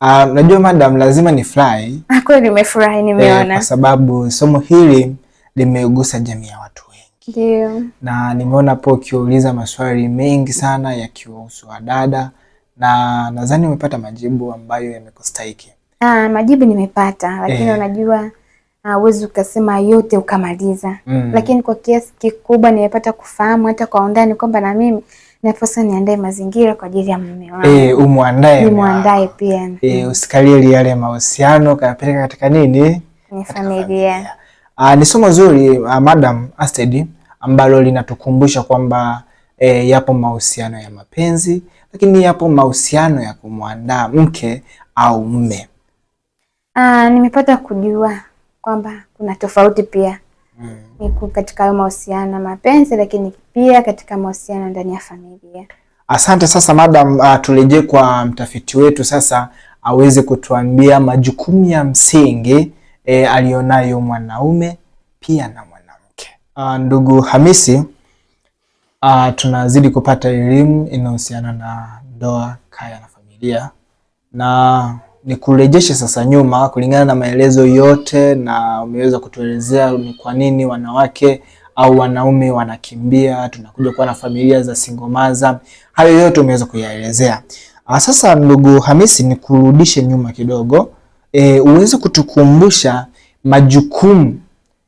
Uh, najua madam, lazima ni fly. Ah, kweli nimefurahi, nimeona eh, kwa sababu somo hili limegusa jamii ya watu wengi. Ndio. Na nimeona po ukiuliza maswali mengi sana yakiwahusu wadada na nadhani umepata majibu ambayo yamekustahiki. Ah, majibu nimepata lakini eh, unajua ah, huwezi uh, ukasema yote ukamaliza mm, lakini kwa kiasi kikubwa nimepata kufahamu hata kwa undani kwamba na mimi Ndiposa niandae mazingira kwa ajili ya mume wangu. Eh, umwandae. Nimwandae pia. Eh, usikalie yale mahusiano kayapeleka katika nini? Ni familia. Ah, ni somo zuri uh, Madam Astrid ambalo linatukumbusha kwamba eh, yapo mahusiano ya mapenzi lakini yapo mahusiano ya kumwandaa mke au mume. Ah, nimepata kujua kwamba kuna tofauti pia. Mm niko katika hayo mahusiano na mapenzi, lakini pia katika mahusiano ndani ya familia. Asante. Sasa madam, uh, turejee kwa mtafiti wetu sasa aweze kutuambia majukumu ya msingi e, eh, aliyonayo mwanaume pia na mwanamke. Uh, ndugu Hamisi, uh, tunazidi kupata elimu inayohusiana na ndoa, kaya na familia na ni kurejeshe sasa nyuma, kulingana na maelezo yote na umeweza kutuelezea ni kwa nini wanawake au wanaume wanakimbia, tunakuja kuwa na familia za singomaza. Hayo yote umeweza kuyaelezea. Ah, sasa ndugu Hamisi, ni kurudishe nyuma kidogo e, uweze kutukumbusha majukumu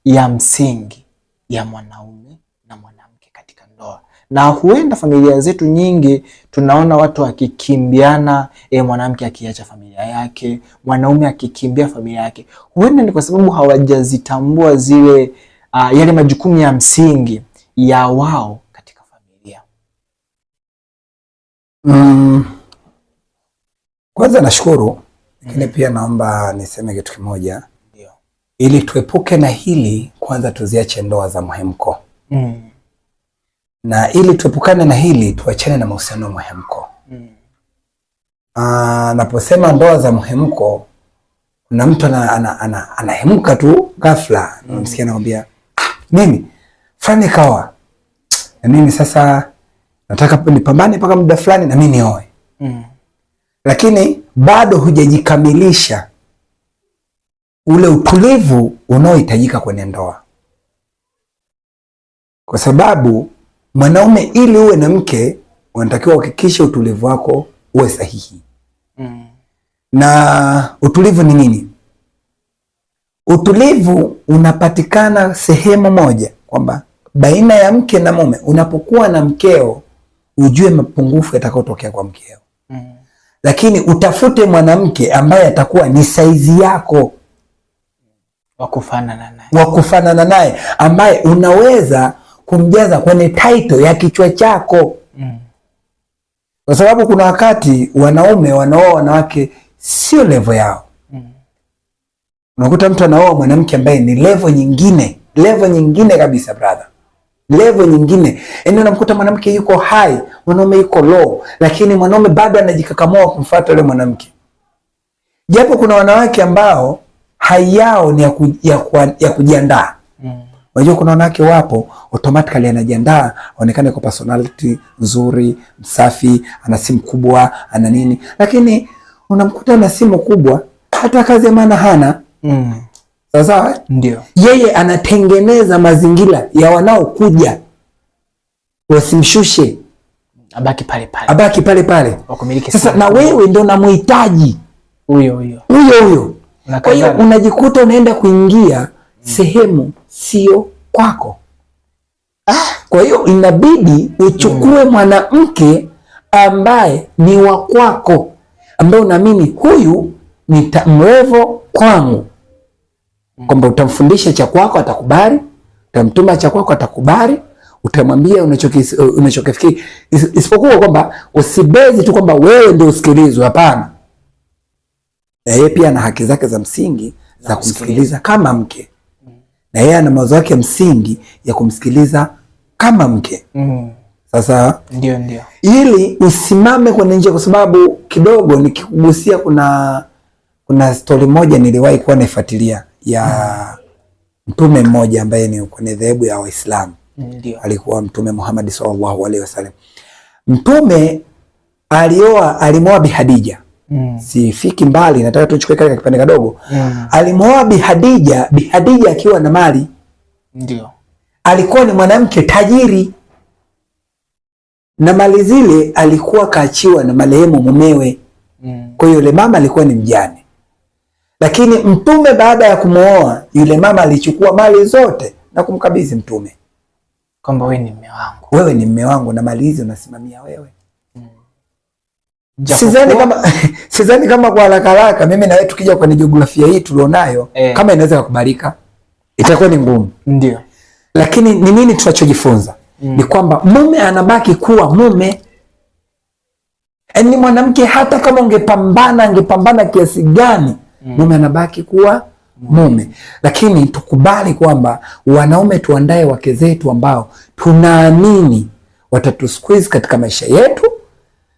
ya msingi ya mwanaume na mwanamke katika ndoa, na huenda familia zetu nyingi Tunaona watu wakikimbiana, e, mwanamke akiacha familia yake, mwanaume akikimbia familia yake. Huenda ni kwa sababu hawajazitambua zile uh, yale majukumu ya msingi ya wao katika familia. Mm, kwanza nashukuru lakini mm, pia naomba niseme kitu kimoja, ili tuepuke na hili, kwanza tuziache ndoa za mhemko mm na ili tuepukane na hili, tuachane na mahusiano ya mhemko. Mm. Ah, naposema ndoa za mhemko, kuna mtu anahemka tu ghafla, mm. anakwambia, ah, mimi fulani kawa na mimi sasa nataka nipambane mpaka muda fulani na mimi nioe. Mm. Lakini bado hujajikamilisha ule utulivu unaohitajika kwenye ndoa, kwa sababu Mwanaume ili uwe na mke unatakiwa uhakikishe utulivu wako uwe sahihi. Mm. Na utulivu ni nini? Utulivu unapatikana sehemu moja, kwamba baina ya mke na mume, unapokuwa na mkeo ujue mapungufu yatakayotokea kwa mkeo. Mm. Lakini utafute mwanamke ambaye atakuwa ni saizi yako, wa naye, naye ambaye unaweza kumjaza kwenye title ya kichwa chako mm. Kwa sababu kuna wakati wanaume wanaoa wanawake sio levo yao mm. Unakuta mtu anaoa mwanamke ambaye ni levo nyingine, levo nyingine kabisa brother, levo nyingine, yaani unamkuta mwanamke yuko high, mwanaume yuko low, lakini mwanaume bado anajikakamua kumfuata yule mwanamke, japo kuna wanawake ambao hai yao ni ya, ku, ya, ya kujiandaa Unajua kuna wanawake wapo automatically anajiandaa aonekane kwa personality nzuri, msafi, ana simu kubwa, ana nini, lakini unamkuta na simu kubwa, hata kazi ya maana hana mm. Sawasawa, ndio yeye anatengeneza mazingira ya wanaokuja wasimshushe, abaki pale pale, abaki pale pale. Sasa na wewe ndio namhitaji huyo huyo huyo huyo, kwa hiyo unajikuta unaenda kuingia sehemu sio kwako. Ah, kwa hiyo inabidi uchukue mwanamke ambaye ni wa kwako, ambaye unaamini huyu ni mrevo kwangu, kwamba utamfundisha cha kwako atakubali, utamtuma cha kwako atakubali, utamwambia unachokifikiri. Isipokuwa kwamba usibezi tu kwamba wewe ndio usikilizwe, hapana. Yeye pia ana haki zake za msingi za kumsikiliza kama mke na yeye ana mawazo yake msingi ya kumsikiliza kama mke mm. Sasa ndio ndio, ili usimame kwenye njia, kwa sababu kidogo nikikugusia, kuna kuna stori moja niliwahi kuwa naifuatilia ya mtume mmoja ambaye ni kwenye dhehebu ya Waislamu ndio alikuwa Mtume Muhammad sallallahu alaihi wasallam. Mtume alioa alimoa Bi Hadija mm. sifiki mbali, nataka tuchukue kile kipande kadogo mm. alimwoa Bi Hadija, Bi Hadija akiwa na mali, ndio alikuwa ni mwanamke tajiri na mali zile alikuwa kaachiwa na marehemu mumewe mm. kwa hiyo yule mama alikuwa ni mjane, lakini Mtume baada ya kumwoa yule mama alichukua mali zote na kumkabidhi Mtume kwamba wewe ni mume wangu, wewe ni mume wangu na mali hizi unasimamia wewe sizani kama sizani kama kwa haraka haraka mimi na wewe tukija kwenye jiografia hii tulionayo e, kama inaweza kukubalika itakuwa ni ngumu. Ndio. Lakini ni nini tunachojifunza? Mm. Ni kwamba mume anabaki kuwa mume. ni yaani mwanamke hata kama ungepambana angepambana kiasi gani, mm, mume anabaki kuwa mm. mume. Lakini tukubali kwamba wanaume tuandae wake zetu ambao tunaamini watatusqueeze katika maisha yetu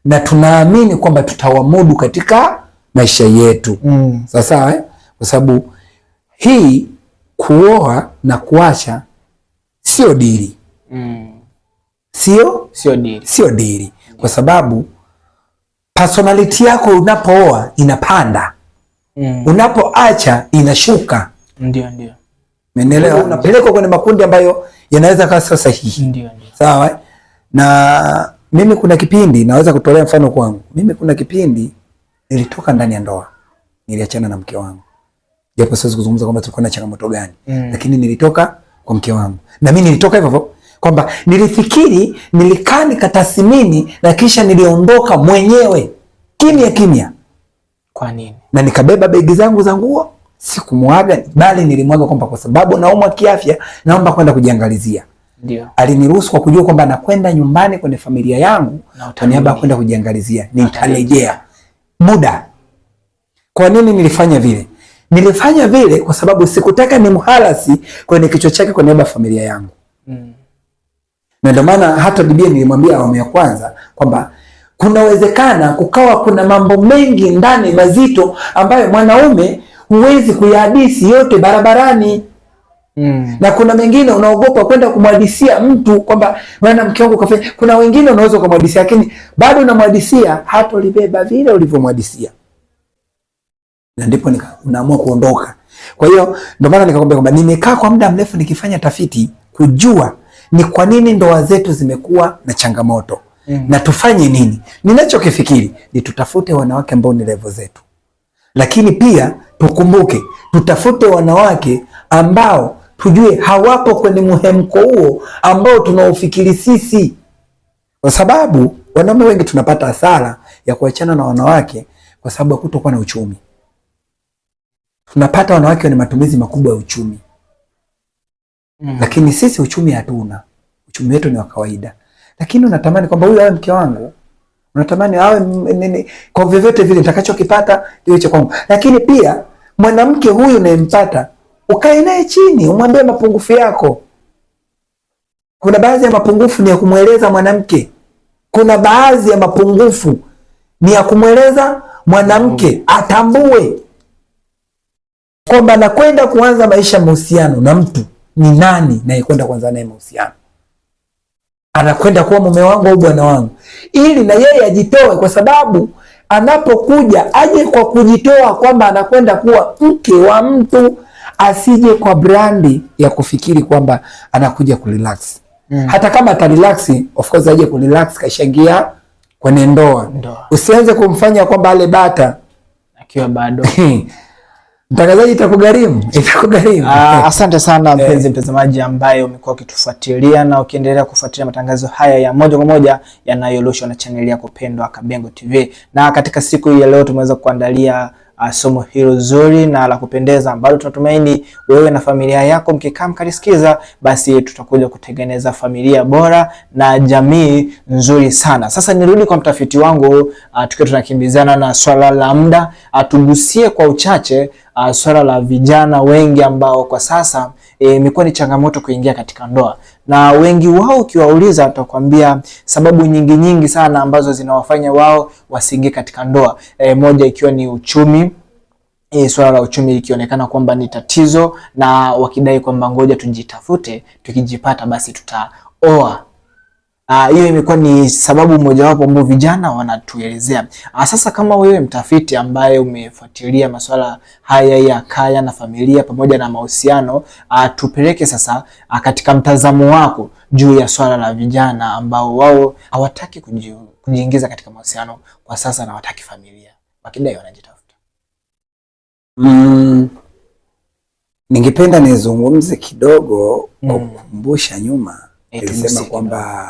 na tunaamini kwamba tutawamudu katika maisha yetu mm. Sasa eh? Kwa sababu hii kuoa na kuacha sio dili mm. sio sio dili, sio dili kwa sababu personality yako unapooa inapanda mm. unapoacha inashuka. Ndio, ndio, umeelewa? Unapelekwa kwenye makundi ambayo yanaweza kawa sio sahihi. Ndio, ndio, sawa eh? na mimi kuna kipindi naweza kutolea mfano kwangu. Mimi kuna kipindi nilitoka ndani ya ndoa, niliachana na mke wangu, japo siwezi kuzungumza kwamba tulikuwa na changamoto gani mm. Lakini nilitoka kwa mke wangu, na mimi nilitoka hivyo kwamba nilifikiri, nilikaa nikatathmini, na kisha niliondoka mwenyewe kimya kimya. Kwa nini? Na nikabeba begi zangu za nguo, sikumwaga bali nilimwaga kwamba kwa sababu naumwa kiafya, naomba kwenda kujiangalizia Aliniruhusu kwa kujua kwamba nakwenda nyumbani kwenye familia yangu kwa niaba ya kwenda kujiangalizia, nitarejea muda. Kwa nini nilifanya vile? Nilifanya vile kwa sababu sikutaka ni mhalasi kwenye kichwa chake kwa niaba ya familia yangu. Mm. Na ndio maana hata bibia nilimwambia awamu ya kwanza kwamba kunawezekana kukawa kuna mambo mengi ndani mazito ambayo mwanaume huwezi kuyahadisi yote barabarani. Mm. Na kuna mengine unaogopa kwenda kumhadisia mtu kwamba bwana, mke wangu kafanya. Kuna wengine unaweza kumhadisia lakini bado unamhadisia hata ulibeba vile ulivyomhadisia. Na ndipo nika unaamua kuondoka. Kwa hiyo ndio maana nikakwambia kwamba nimekaa kwa muda mrefu nikifanya tafiti kujua ni kwa nini ndoa zetu zimekuwa na changamoto. Mm. Na tufanye nini? Ninachokifikiri ni tutafute wanawake ambao ni level zetu. Lakini pia tukumbuke tutafute wanawake ambao tujue hawapo kwenye muhemko huo ambao tunaofikiri sisi, kwa sababu wanaume wengi tunapata hasara ya kuachana na wanawake kwa sababu ya kutokuwa na uchumi. Tunapata wanawake wenye matumizi makubwa ya uchumi mm. Lakini sisi uchumi hatuna, uchumi wetu ni wa kawaida, lakini unatamani kwamba huyu awe mke wangu unatamani awe nini, kwa vyovyote vile nitakachokipata iwe cha kwangu. Lakini pia mwanamke huyu nayempata ukae naye chini, umwambie mapungufu yako. Kuna baadhi ya mapungufu ni ya kumweleza mwanamke, kuna baadhi ya mapungufu ni ya kumweleza mwanamke atambue kwamba nakwenda kuanza maisha mahusiano na mtu ni nani nayekwenda kuanza naye mahusiano, anakwenda kuwa mume wangu au bwana wangu, ili na yeye ajitoe, kwa sababu anapokuja aje kwa kujitoa kwamba anakwenda kuwa mke wa mtu asije kwa brandi ya kufikiri kwamba anakuja kurelax mm. hata kama atarelax, of course aje kurelax, kashangia kwenye ndoa. Usianze kumfanya kwamba ale bata akiwa bado Mtangazaji, itakugharimu itakugharimu. Ah, asante sana eh. mpenzi mtazamaji ambaye umekuwa ukitufuatilia na ukiendelea kufuatilia matangazo haya ya moja kwa moja yanayorushwa na chaneli yako pendwa Kabengo TV. Na katika siku hii ya leo tumeweza kuandalia uh, somo hilo zuri na la kupendeza ambalo tunatumaini wewe na familia yako mkikaa mkalisikiza, basi tutakuja kutengeneza familia bora na jamii nzuri sana. Sasa nirudi kwa mtafiti wangu uh, tukiwa tunakimbizana na swala la muda uh, tugusie kwa uchache uh, swala la vijana wengi ambao kwa sasa eh, imekuwa e, ni changamoto kuingia katika ndoa na wengi wao ukiwauliza watakwambia sababu nyingi nyingi sana ambazo zinawafanya wao wasiingie katika ndoa. E, moja ikiwa ni uchumi. E, swala la uchumi likionekana kwamba ni tatizo na wakidai kwamba ngoja tujitafute, tukijipata basi tutaoa. Ah, hiyo uh, imekuwa ni sababu mojawapo ambao vijana wanatuelezea. Uh, sasa kama wewe mtafiti ambaye umefuatilia masuala haya ya kaya na familia pamoja na mahusiano uh, tupeleke sasa uh, katika mtazamo wako juu ya swala la vijana ambao wao hawataki kujiingiza katika mahusiano kwa sasa na wataki familia wakidai wanajitafuta. Mm, ningependa nizungumze kidogo mm, kukumbusha nyuma nilisema kwamba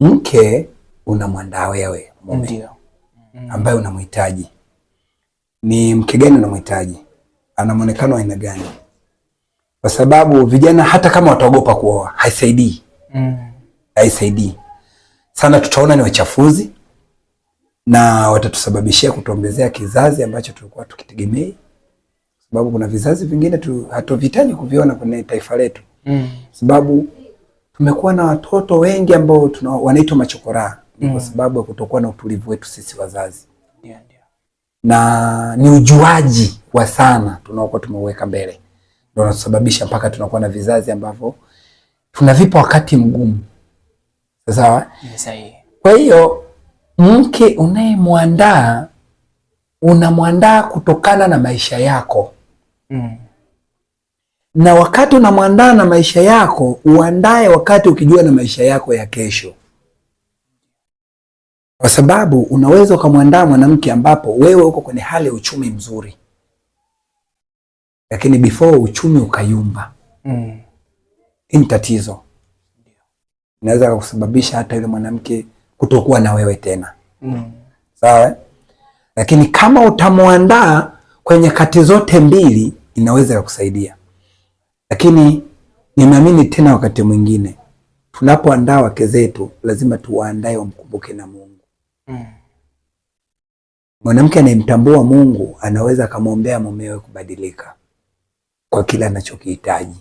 mke una mwandaa wewe mume mm. ambaye unamhitaji. Ni mke gani unamhitaji? Ana muonekano aina gani? Kwa sababu vijana hata kama wataogopa kuoa haisaidii, mm. haisaidii sana, tutaona ni wachafuzi na watatusababishia kutuongezea kizazi ambacho tulikuwa tukitegemei, sababu kuna vizazi vingine tu hatovitaji kuviona kwenye taifa letu, mm. sababu tumekuwa na watoto wengi ambao wanaitwa machokoraa mm. kwa sababu ya kutokuwa na utulivu wetu sisi wazazi yeah, yeah. na ni ujuaji wa sana tunaokuwa tumeuweka mbele ndio unasababisha mpaka tunakuwa na vizazi ambavyo tunavipa wakati mgumu sawa. yes, kwa hiyo mke unayemwandaa unamwandaa kutokana na maisha yako mm na wakati unamwandaa na maisha yako, uandae wakati ukijua na maisha yako ya kesho, kwa sababu unaweza ukamwandaa mwanamke ambapo wewe uko kwenye hali ya uchumi mzuri, lakini before uchumi ukayumba, mm. ni tatizo, inaweza kusababisha hata yule mwanamke kutokuwa na wewe tena, mm. sawa. Lakini kama utamwandaa kwenye kati zote mbili, inaweza kukusaidia lakini ninaamini tena, wakati mwingine tunapoandaa wake zetu lazima tuwaandae wamkumbuke na Mungu mm. Mwanamke anayemtambua Mungu anaweza akamwombea mumewe kubadilika kwa kile anachokihitaji.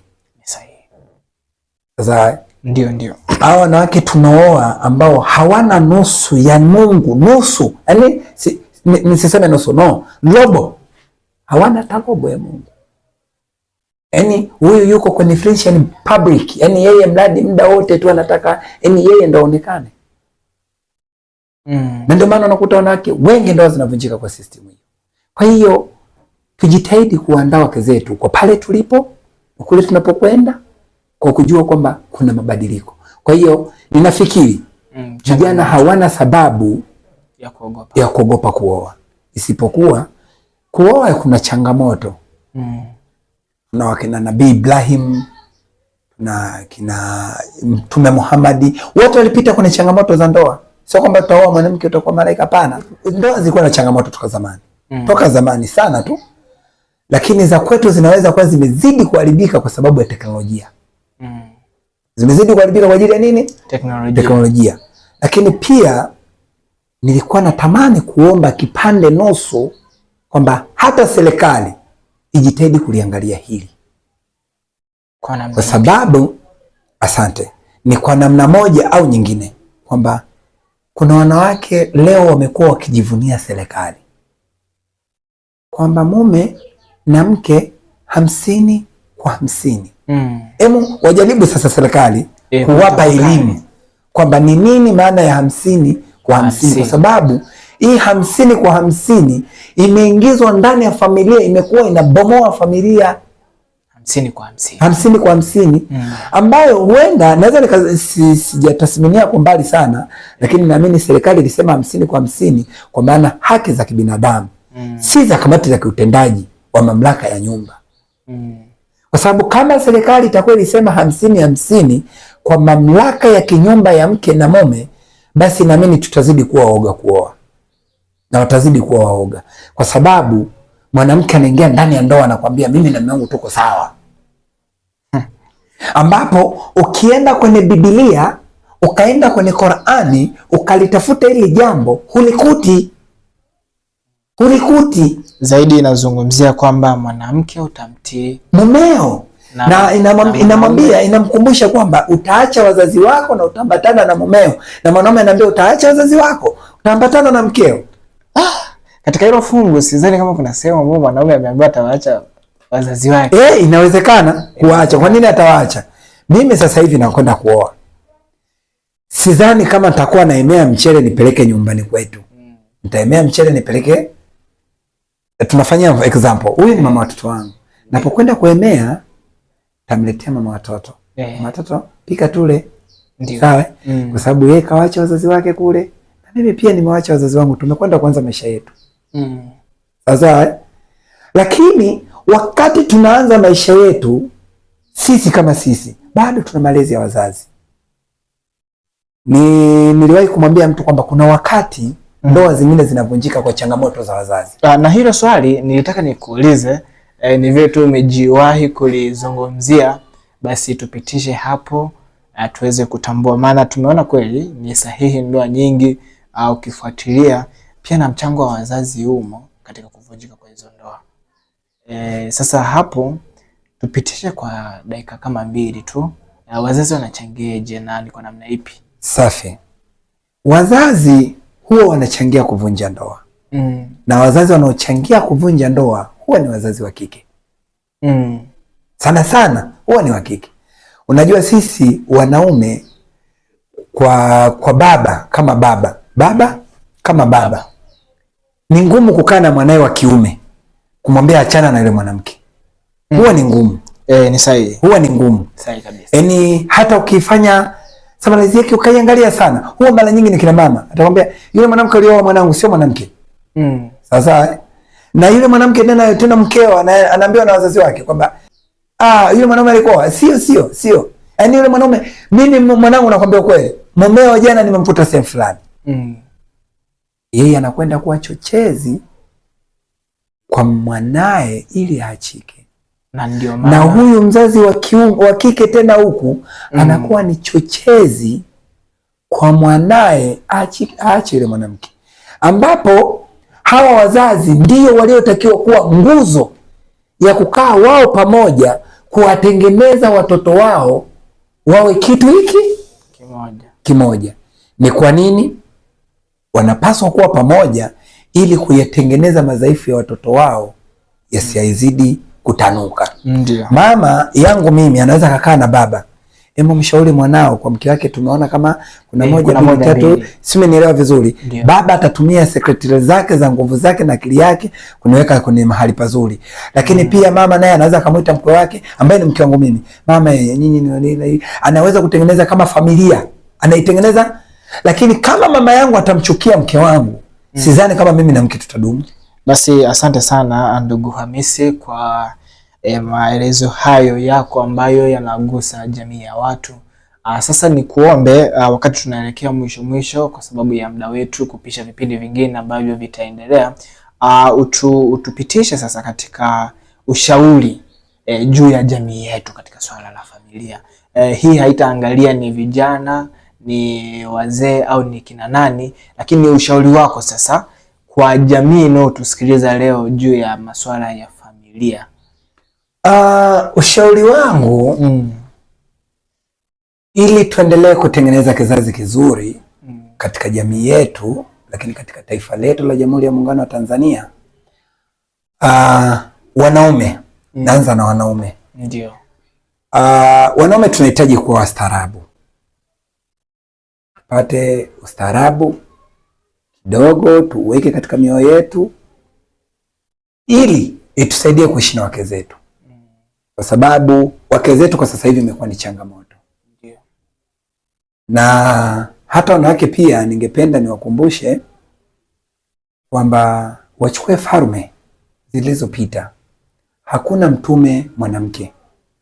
Sasa ndio ndio hao wanawake tunaoa ambao hawana nusu ya Mungu, nusu yaani, nisiseme nusu, no, robo, hawana hata robo ya Mungu. Yaani huyu yuko kwenye yani public, Yaani yeye mradi muda wote tu anataka yani yeye ndo aonekane mm. Na ndio maana unakuta wanawake wengi ndoa zinavunjika kwa system hiyo. Kwa hiyo tujitahidi kuandaa wake zetu kwa pale tulipo kule tunapokwenda, kwa kujua kwamba kuna mabadiliko. Kwa hiyo ninafikiri mm, vijana mm, hawana sababu ya kuogopa ya kuogopa kuoa, isipokuwa kuoa kuna changamoto mm tuna wakina Nabii Ibrahim na kina Mtume Muhammadi, wote walipita kwenye changamoto za ndoa. Sio kwamba utaoa mwanamke utakuwa malaika, hapana. Ndoa zilikuwa na changamoto toka zamani mm. toka zamani sana tu, lakini za kwetu zinaweza kuwa zimezidi kuharibika kwa sababu ya teknolojia mm. zimezidi kuharibika kwa ajili ya nini? Teknolojia. Teknolojia. Lakini pia nilikuwa natamani kuomba kipande nusu kwamba hata serikali ijitahidi kuliangalia hili kwa kwa sababu asante, ni kwa namna moja au nyingine kwamba kuna wanawake leo wamekuwa wakijivunia serikali kwamba mume na mke hamsini kwa hamsini. Mm. Emu wajaribu sasa serikali eh, kuwapa elimu kwamba ni nini maana ya hamsini kwa hamsini, kwa sababu hii hamsini kwa hamsini imeingizwa ndani ya familia, imekuwa inabomoa familia hamsini kwa hamsini, hamsini kwa hamsini mm. ambayo huenda naweza sijatathminia kwa mbali sana, lakini naamini serikali ilisema hamsini kwa hamsini kwa maana haki za kibinadamu mm. si za kamati za kiutendaji wa mamlaka ya nyumba mm. kwa sababu kama serikali itakuwa ilisema hamsini hamsini kwa mamlaka ya kinyumba ya mke na mume, basi naamini tutazidi kuwa oga kuoa na watazidi kuwa waoga, kwa sababu mwanamke anaingia ndani ya ndoa anakwambia mimi na mume wangu tuko sawa hmm. Ambapo ukienda kwenye Biblia ukaenda kwenye Qurani ukalitafuta hili jambo hulikuti, hulikuti. Zaidi inazungumzia kwamba mwanamke utamtii mumeo na, na inamwambia inamkumbusha kwamba utaacha wazazi wako na utaambatana na mumeo, na mwanaume anaambia utaacha wazazi wako utaambatana na mkeo. Katika hilo fungu sidhani kama kuna sehemu ambapo mwanaume ameambiwa atawaacha wazazi wake. Eh, inawezekana kuacha. Kwa nini atawaacha? Mimi sasa hivi nakwenda kuoa. Sidhani kama nitakuwa naemea mchele nipeleke nyumbani kwetu. Nitaemea mchele nipeleke. Eh, Tunafanya example. Huyu ni mama watoto wangu. Napokwenda kuemea tamletea mama watoto. Yeah. Mama watoto pika tule. Ndio. Sawa? Mm. Kwa sababu yeye kawaacha wazazi wake kule. Na mimi pia nimewaacha wazazi wangu. Tumekwenda kuanza maisha yetu. Sasa mm. Lakini wakati tunaanza maisha yetu sisi kama sisi bado tuna malezi ya wazazi. Ni niliwahi kumwambia mtu kwamba kuna wakati mm. ndoa zingine zinavunjika kwa changamoto za wazazi. Ah, na hilo swali nilitaka nikuulize eh, ni vile tu umejiwahi kulizungumzia, basi tupitishe hapo atuweze eh, tuweze kutambua, maana tumeona kweli ni sahihi ndoa nyingi au ah, ukifuatilia pia na mchango wa wazazi umo katika kuvunjika kwa hizo ndoa. E, sasa hapo tupitishe kwa dakika kama mbili tu wazazi wanachangiaje na ni kwa namna ipi? Safi. Wazazi huwa wanachangia kuvunja ndoa mm. na wazazi wanaochangia kuvunja ndoa huwa ni wazazi wa kike mm. sana sana huwa ni wa kike. Unajua sisi wanaume kwa, kwa baba kama baba baba kama baba ni ngumu kukaa na mwanae wa kiume kumwambia achana na yule mwanamke mm. Huwa ni ngumu eh, ni sahihi, huwa ni ngumu sahihi kabisa. Yani hata ukifanya samalizi yake ukaiangalia sana, huwa mara nyingi ni kina mama atakwambia yule mwanamke alioa mwanangu sio mwanamke mm. Sasa na yule mwanamke tena tena mkeo anaambiwa na wazazi wake kwamba ah, yule mwanaume alikuwa sio sio sio, yani yule mwanaume mimi mwanangu, nakwambia kweli, mumeo jana nimemkuta sehemu fulani mm yeye anakwenda kuwa chochezi kwa mwanaye ili aachike na, ndio maana. Na huyu mzazi wa kiume wa kike tena huku mm. anakuwa ni chochezi kwa mwanaye aache ile mwanamke, ambapo hawa wazazi ndio waliotakiwa kuwa nguzo ya kukaa wao pamoja kuwatengeneza watoto wao wawe kitu hiki kimoja. Kimoja ni kwa nini? wanapaswa kuwa pamoja ili kuyatengeneza madhaifu ya watoto wao yasiyazidi kutanuka. Ndiyo. Mama yangu mimi anaweza kakaa na baba Hebu mshauri mwanao kwa mke wake, tumeona kama kuna e, moja mbili tatu, simenielewa vizuri. Ndiyo. Baba atatumia sekretari zake za nguvu zake na akili yake kuniweka kwenye mahali pazuri, lakini mm. pia mama naye anaweza akamwita mke wake ambaye ni mke wangu mimi, mama, eh, nyinyi, ni anaweza kutengeneza kama familia, anaitengeneza lakini kama mama yangu atamchukia mke wangu mm. sidhani kama mimi na mke tutadumu. Basi asante sana ndugu Hamisi kwa eh, maelezo hayo yako ambayo yanagusa jamii ya watu. Aa, ah, sasa ni kuombe aa, ah, wakati tunaelekea mwisho mwisho, kwa sababu ya muda wetu kupisha vipindi vingine ambavyo vitaendelea, ah, utu, utupitishe sasa katika ushauri e, juu ya jamii yetu katika swala la familia e, hii haitaangalia ni vijana ni wazee au ni kina nani, lakini ushauri wako sasa kwa jamii inayotusikiliza leo juu ya masuala ya familia. Uh, ushauri wangu mm, ili tuendelee kutengeneza kizazi kizuri mm, katika jamii yetu, lakini katika taifa letu la Jamhuri ya Muungano wa Tanzania uh, wanaume mm, naanza na wanaume ndio. Uh, wanaume tunahitaji kuwa wastaarabu tupate ustaarabu kidogo, tuweke katika mioyo yetu ili itusaidie kuishi na wake zetu, kwa sababu wake zetu kwa sasa hivi imekuwa ni changamoto yeah. Na hata wanawake pia, ningependa niwakumbushe kwamba wachukue farme zilizopita. Hakuna mtume mwanamke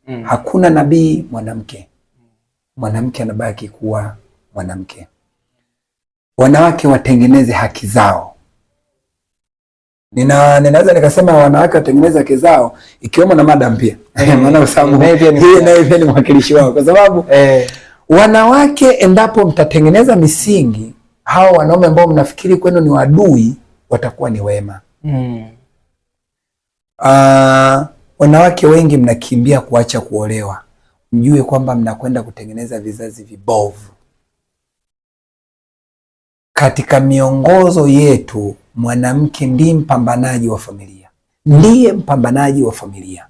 mm. Hakuna nabii mwanamke Mwanamke anabaki kuwa mwanamke. Wanawake watengeneze haki zao. Nina ninaweza nikasema wanawake watengeneze haki zao ikiwemo na madam pia. Eh, Maana Usamu yeye naye pia ni mwakilishi wao kwa sababu eh, wanawake endapo mtatengeneza misingi, hao wanaume ambao mnafikiri kwenu ni wadui watakuwa ni wema. Mm. Uh, wanawake wengi mnakimbia kuacha kuolewa, mjue kwamba mnakwenda kutengeneza vizazi vibovu katika miongozo yetu, mwanamke ndiye mpambanaji wa familia, ndiye mpambanaji wa familia.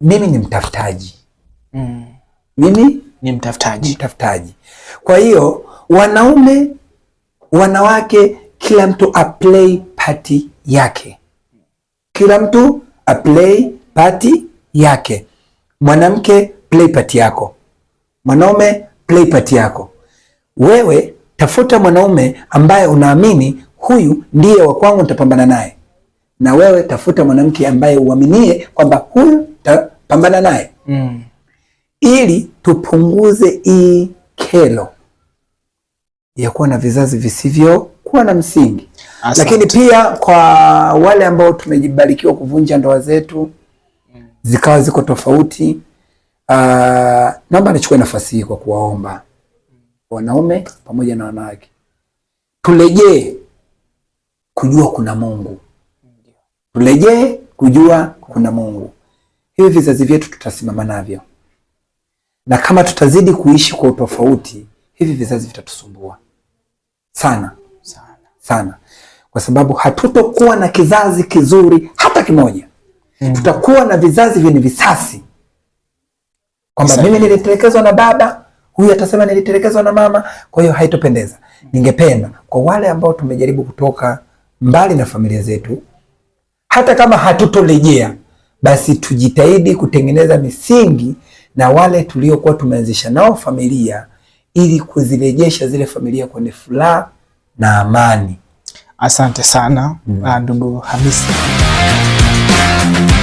Mimi ni mtafutaji mm. mimi ni mtafutaji, mtafutaji. Kwa hiyo wanaume, wanawake, kila mtu aplay pati yake, kila mtu aplay pati yake. Mwanamke play pati yako, mwanaume play pati yako, wewe Tafuta mwanaume ambaye unaamini huyu ndiye wa kwangu, nitapambana naye. Na wewe tafuta mwanamke ambaye uaminie kwamba huyu tapambana naye mm. ili tupunguze hii kelo ya kuwa na vizazi visivyokuwa na msingi. Asante. Lakini pia kwa wale ambao tumejibarikiwa kuvunja ndoa zetu mm. zikawa ziko tofauti, uh, naomba nichukue nafasi hii kwa kuwaomba wanaume pamoja na wanawake. Turejee kujua kuna Mungu, turejee kujua kuna Mungu. Hivi vizazi vyetu tutasimama navyo, na kama tutazidi kuishi kwa utofauti, hivi vizazi vitatusumbua sana sana sana, kwa sababu hatutokuwa na kizazi kizuri hata kimoja. Mm. Tutakuwa na vizazi vyenye visasi, kwamba mimi nilitelekezwa na baba huyu atasema nilitelekezwa na mama, kwa hiyo haitopendeza. Ningependa kwa wale ambao tumejaribu kutoka mbali na familia zetu, hata kama hatutorejea, basi tujitahidi kutengeneza misingi na wale tuliokuwa tumeanzisha nao familia ili kuzirejesha zile familia kwenye furaha na amani. Asante sana mm. ndugu mm.